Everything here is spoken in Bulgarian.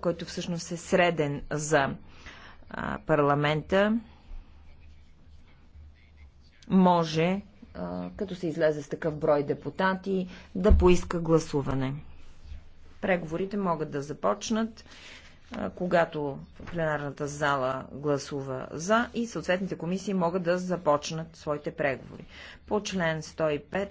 който всъщност е среден за парламента, може, като се излезе с такъв брой депутати, да поиска гласуване. Преговорите могат да започнат, когато пленарната зала гласува за и съответните комисии могат да започнат своите преговори. По член 105